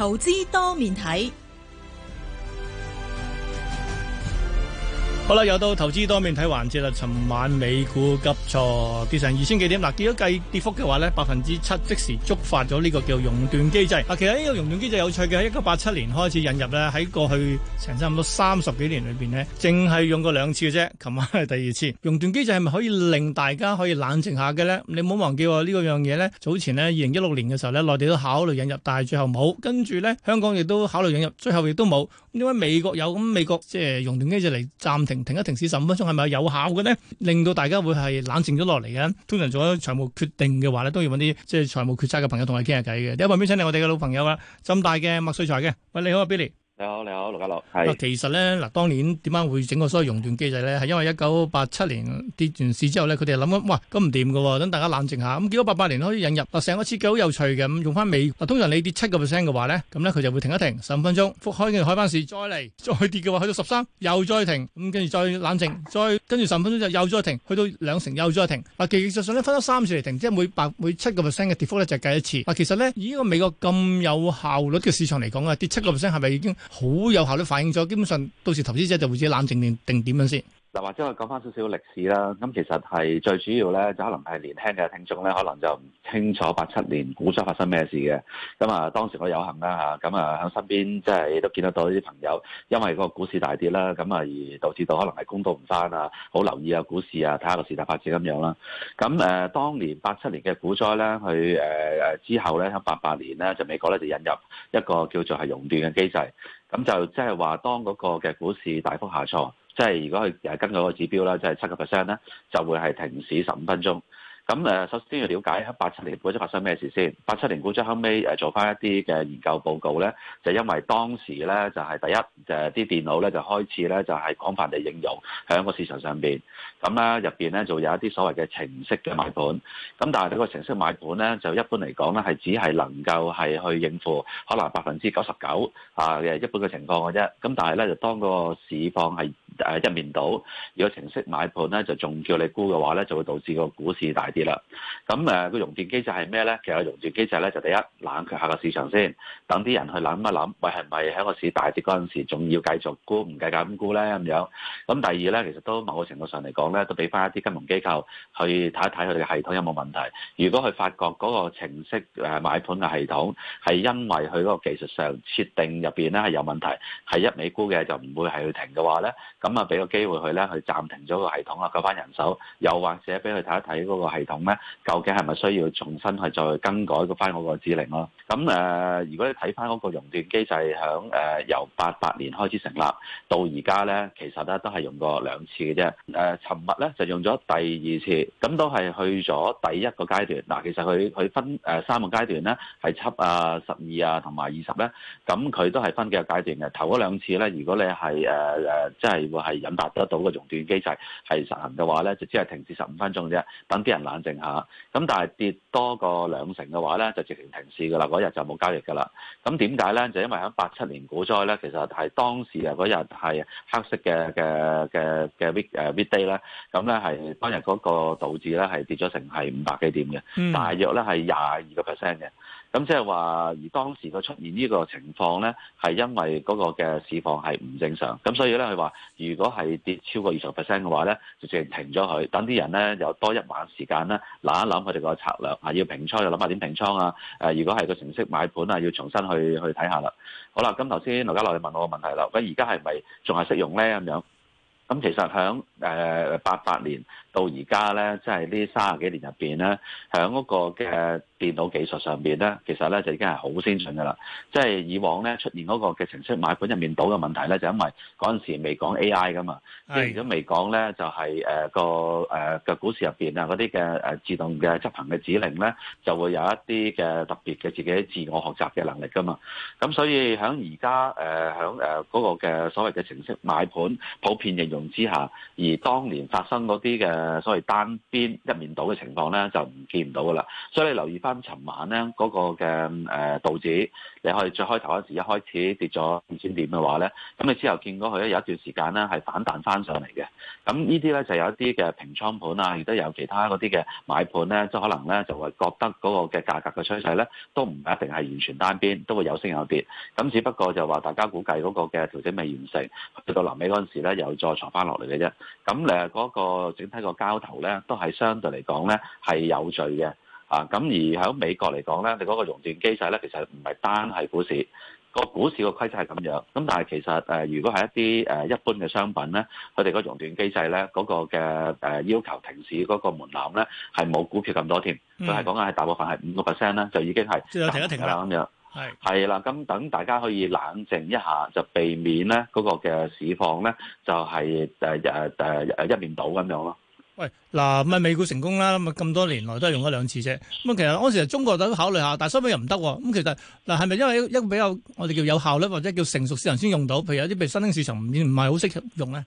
投資多面睇。好啦，又到投資多面睇環節啦。尋晚美股急挫，跌成二千幾點。嗱，如果計跌幅嘅話呢，百分之七，即時觸發咗呢個叫熔斷機制。嗱，其實呢個熔斷機制有趣嘅，喺一九八七年開始引入咧，喺過去成差唔多三十幾年裏邊呢，淨係用過兩次嘅啫。琴晚係第二次。熔斷機制係咪可以令大家可以冷靜下嘅呢？你唔好忘記喎，呢個樣嘢呢，早前呢，二零一六年嘅時候呢，內地都考慮引入，但係最後冇。跟住呢，香港亦都考慮引入，最後亦都冇。因為美國有，咁美國即係熔斷機制嚟暫停。停一停市十五分鐘係咪有效嘅咧？令到大家會係冷靜咗落嚟嘅。通常做咗財務決定嘅話咧，都要揾啲即係財務決策嘅朋友同我哋傾下偈嘅。第一位請嚟我哋嘅老朋友啦。浸大嘅麥瑞才嘅，喂，你好啊 Billy。你好，你好，盧家樂。係。其實咧，嗱，當年點解會整個所謂熔斷機制咧？係因為一九八七年跌完市之後咧，佢哋係諗緊，哇，咁唔掂嘅喎，等大家冷靜下。咁結果八八年可以引入，嗱，成個設計好有趣嘅，咁用翻美，通常你跌七個 percent 嘅話咧，咁咧佢就會停一停十五分鐘，復開嘅開翻市再，再嚟再跌嘅話，去到十三又再停，咁跟住再冷靜，再跟住十五分鐘就又再停，去到兩成又再停。嗱，技術上咧分咗三次嚟停，即係每百每七個 percent 嘅跌幅咧就計一次。嗱，其實咧以呢個美國咁有效率嘅市場嚟講啊，跌七個 percent 係咪已經？好有效的反映咗，基本上到時投資者就會自己冷靜定定點樣先。嗱，或者我講翻少少歷史啦。咁其實係最主要咧，就可能係年輕嘅聽眾咧，可能就唔清楚八七年股災發生咩事嘅。咁啊，當時我有幸啦嚇，咁啊喺身邊即係都見得到啲朋友，因為個股市大跌啦，咁啊而導致到可能係公道唔翻啊，好留意下股市啊，睇下個事態發展咁樣啦。咁誒、呃，當年八七年嘅股災咧，佢誒、呃、之後咧喺八八年咧，就美國咧就引入一個叫做係熔斷嘅機制，咁就即係話當嗰個嘅股市大幅下挫。即係如果佢誒根據個指標啦，即係七個 percent 咧，就會係停市十五分鐘。咁誒，首先要了解喺八七年股災發生咩事先。八七年股災後尾誒做翻一啲嘅研究報告咧，就因為當時咧就係第一就係啲電腦咧就開始咧就係廣泛地應用喺個市場上邊。咁咧入邊咧就有一啲所謂嘅程式嘅買盤。咁但係呢個程式買盤咧就一般嚟講咧係只係能夠係去應付可能百分之九十九啊嘅一般嘅情況嘅啫。咁但係咧就當個市況係誒一面倒，如果程式買盤咧就仲叫你沽嘅話咧，就會導致個股市大跌。啦，咁誒個熔斷機制係咩咧？其實熔斷機制咧就第一，冷卻下個市場先，等啲人去諗一諗，喂係咪喺個市大跌嗰陣時仲要繼續沽唔計價咁沽咧咁樣。咁第二咧，其實都某個程度上嚟講咧，都俾翻一啲金融機構去睇一睇佢哋嘅系統有冇問題。如果佢發覺嗰個程式誒買盤嘅系統係因為佢嗰個技術上設定入邊咧係有問題，係一味沽嘅就唔會係去停嘅話咧，咁啊俾個機會佢咧去暫停咗個系統啊，救翻人手，又或者俾佢睇一睇嗰個係。咁咧，究竟係咪需要重新去再更改個翻嗰個指令咯？咁誒、呃，如果你睇翻嗰個熔斷機制，響、呃、誒由八八年開始成立到而家咧，其實咧都係用過兩次嘅啫。誒、呃，尋日咧就用咗第二次，咁都係去咗第一個階段。嗱、呃，其實佢佢分誒三個階段咧，係七啊、十二啊同埋二十咧。咁佢、啊嗯、都係分幾個階段嘅。頭嗰兩次咧，如果你係誒誒，即係會係引發得到個熔斷機制係實行嘅話咧，就只係停止十五分鐘啫，等啲人冷靜下，咁但係跌多過兩成嘅話咧，就直情停市噶啦，嗰日就冇交易噶啦。咁點解咧？就因為喺八七年股災咧，其實係當時啊嗰日係黑色嘅嘅嘅嘅 wid 誒 day 咧，咁咧係當日嗰個導致咧係跌咗成係五百幾點嘅，大約咧係廿二個 percent 嘅。咁即係話，而當時佢出現呢個情況咧，係因為嗰個嘅市況係唔正常。咁所以咧，佢話如果係跌超過二十 percent 嘅話咧，就直接停咗佢，等啲人咧又多一晚時間咧，諗一諗佢哋個策略，啊要平倉又諗下點平倉啊。誒、呃，如果係個程式買盤啊，要重新去去睇下啦。好啦，咁頭先劉家樂你問我個問題啦。咁而家係咪仲係適用咧咁樣？咁其實響誒八八年。到而家咧，即係呢三十幾年入邊咧，喺嗰個嘅電腦技術上邊咧，其實咧就已經係好先進噶啦。即係以往咧出現嗰個嘅程式買盤入面倒嘅問題咧，就因為嗰陣時未講 AI 噶嘛。即係如果未講咧，就係、是、誒、呃嗰個誒嘅、呃、股市入邊啊嗰啲嘅誒自動嘅執行嘅指令咧，就會有一啲嘅特別嘅自己自我學習嘅能力噶嘛。咁所以喺而家誒喺誒嗰個嘅所謂嘅程式買盤普遍應用之下，而當年發生嗰啲嘅。誒，所謂單邊一面倒嘅情況咧，就唔見唔到噶啦。所以你留意翻尋晚咧嗰、那個嘅誒道指，你可以最開頭嗰時一開始跌咗五千點嘅話咧，咁你之後見到佢咧有一段時間咧係反彈翻上嚟嘅。咁呢啲咧就有一啲嘅平倉盤啊，亦都有其他嗰啲嘅買盤咧，即係可能咧就會覺得嗰個嘅價格嘅趨勢咧都唔一定係完全單邊，都會有升有跌。咁只不過就話大家估計嗰個嘅調整未完成，去到臨尾嗰陣時咧又再藏翻落嚟嘅啫。咁誒嗰個整體交投咧，都係相對嚟講咧，係有序嘅啊。咁而喺美國嚟講咧，你嗰個熔斷機制咧，其實唔係單係股市個、嗯、股市個規則係咁樣。咁但係其實誒、呃，如果係一啲誒、呃、一般嘅商品咧，佢哋個熔斷機制咧，嗰、那個嘅誒、呃、要求停市嗰個門檻咧，係冇股票咁多添。都係講緊係大部分係五六 percent 啦，就已經係、嗯、停一停啦咁樣。係係啦，咁等、嗯、大家可以冷靜一下，就避免咧嗰、那個嘅市況咧，就係誒誒誒一面倒咁樣咯。喂，嗱，咪美股成功啦，咁啊，咁多年來都係用咗兩次啫。咁其實嗰時中國都考慮下，但係收尾又唔得。咁其實嗱，係咪因為一個比較我哋叫有效咧，或者叫成熟市場先用到？譬如有啲譬如新興市場唔唔係好適合用咧。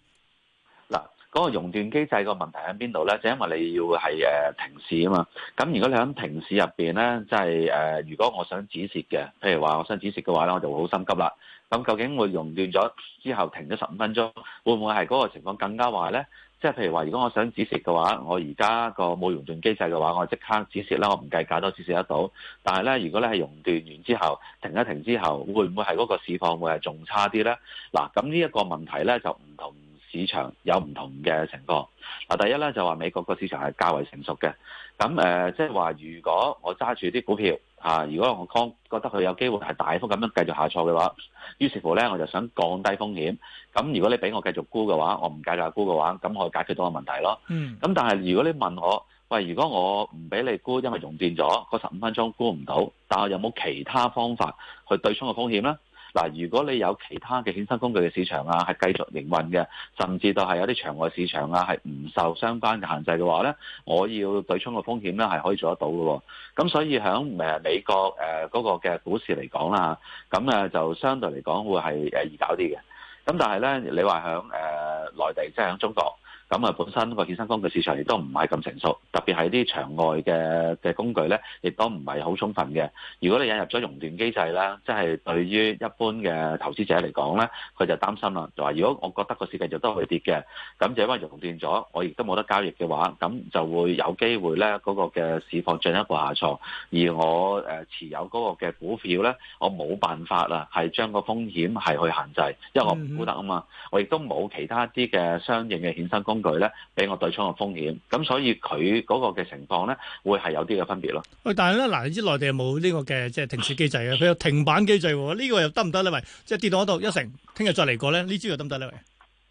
嗱，嗰個熔斷機制個問題喺邊度咧？就因為你要係誒停市啊嘛。咁如果你喺停市入邊咧，即係誒，如果我想止蝕嘅，譬如話我想止蝕嘅話咧，我就會好心急啦。咁究竟會熔斷咗之後停咗十五分鐘，會唔會係嗰個情況更加壞咧？即係譬如話，如果我想止蝕嘅話，我而家個冇熔斷機制嘅話，我即刻止蝕啦，我唔計價都止蝕得到。但係呢，如果呢係熔斷完之後停一停之後，會唔會係嗰個市況會係仲差啲呢？嗱，咁呢一個問題呢，就唔同市場有唔同嘅情況。嗱，第一呢，就話美國個市場係較為成熟嘅。咁誒、呃，即係話如果我揸住啲股票。啊！如果我康覺得佢有機會係大幅咁樣繼續下挫嘅話，於是乎呢，我就想降低風險。咁如果你俾我繼續沽嘅話，我唔介意沽嘅話，咁我解決到個問題咯。咁、嗯、但係如果你問我，喂，如果我唔俾你沽，因為熔斷咗嗰十五分鐘沽唔到，但係有冇其他方法去對沖個風險呢？嗱，如果你有其他嘅衍生工具嘅市場啊，係繼續營運嘅，甚至到係有啲場外市場啊，係唔受相關嘅限制嘅話咧，我要對沖嘅風險咧係可以做得到嘅喎。咁所以喺誒美國誒嗰個嘅股市嚟講啦，咁誒就相對嚟講會係誒易搞啲嘅。咁但係咧，你話喺誒內地，即係喺中國。咁啊，本身個衍生工具市場亦都唔係咁成熟，特別係啲場外嘅嘅工具咧，亦都唔係好充分嘅。如果你引入咗熔斷機制啦，即係對於一般嘅投資者嚟講咧，佢就擔心啦，就話如果我覺得個市繼續都去跌嘅，咁就因為熔斷咗，我亦都冇得交易嘅話，咁就會有機會咧嗰、嗰個嘅市況進一步下挫，而我誒持有嗰個嘅股票咧，我冇辦法啦，係將個風險係去限制，因為我唔估得啊嘛，mm hmm. 我亦都冇其他啲嘅相應嘅衍生工。工具咧俾我對沖嘅風險，咁所以佢嗰個嘅情況咧，會係有啲嘅分別咯。喂，但係咧，嗱，你知內地有冇呢個嘅即係停市機制嘅？佢 有停板機制，呢、這個又得唔得咧？喂，即係跌到嗰度一成，聽日再嚟過咧，呢支又得唔得咧？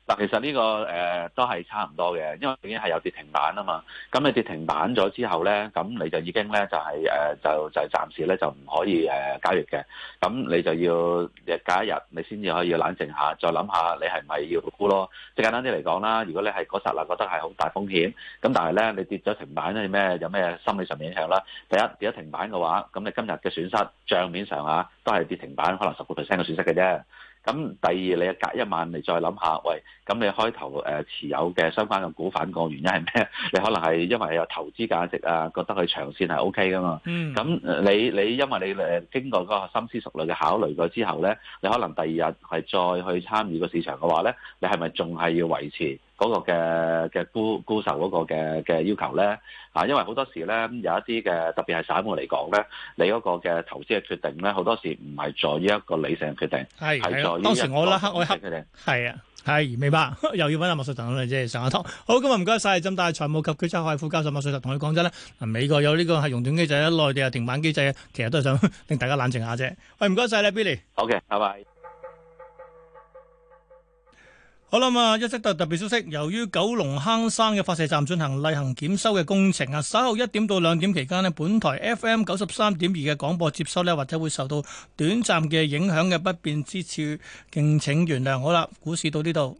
嗱，其實呢、這個誒、呃、都係差唔多嘅，因為已經係有跌停板啊嘛。咁你跌停板咗之後咧，咁你就已經咧就係、是、誒、呃、就就暫時咧就唔可以誒交易嘅。咁、呃、你就要日隔一日，你先至可以冷靜下，再諗下你係咪要沽咯。即係簡單啲嚟講啦，如果你係嗰剎那覺得係好大風險，咁但係咧你跌咗停板咧，咩有咩心理上面影響啦？第一跌咗停板嘅話，咁你今日嘅損失帳面上嚇、啊、都係跌停板，可能十個 percent 嘅損失嘅啫。咁第二，你隔一晚你再諗下，喂，咁你開頭誒持有嘅相關嘅股份嘅原因係咩？你可能係因為有投資價值啊，覺得佢長線係 OK 㗎嘛。咁你你因為你誒經過嗰個深思熟慮嘅考慮過之後咧，你可能第二日係再去參與個市場嘅話咧，你係咪仲係要維持？嗰個嘅嘅顧顧受嗰個嘅嘅要求咧，啊，因為好多時咧有一啲嘅特別係散戶嚟講咧，你嗰個嘅投資嘅決定咧，好多時唔係在於一個理性嘅決定，係喺是當時我拉黑我黑決定，係定啊係明白， 又要揾阿莫瑞特啦，即係上下堂好咁啊，唔該晒。浸大財務及決策系副教授麥萃才同你講真咧，美國有呢個係熔斷機制，內地係停板機制，其實都係想令大家冷靜下啫。喂， 唔該晒，咧，Billy，OK，拜拜。好啦咁啊，一則特特別消息，由於九龍坑山嘅發射站進行例行檢修嘅工程啊，稍後一點到兩點期間呢，本台 FM 九十三點二嘅廣播接收呢，或者會受到短暫嘅影響嘅不便之處，敬請原諒。好啦，股市到呢度。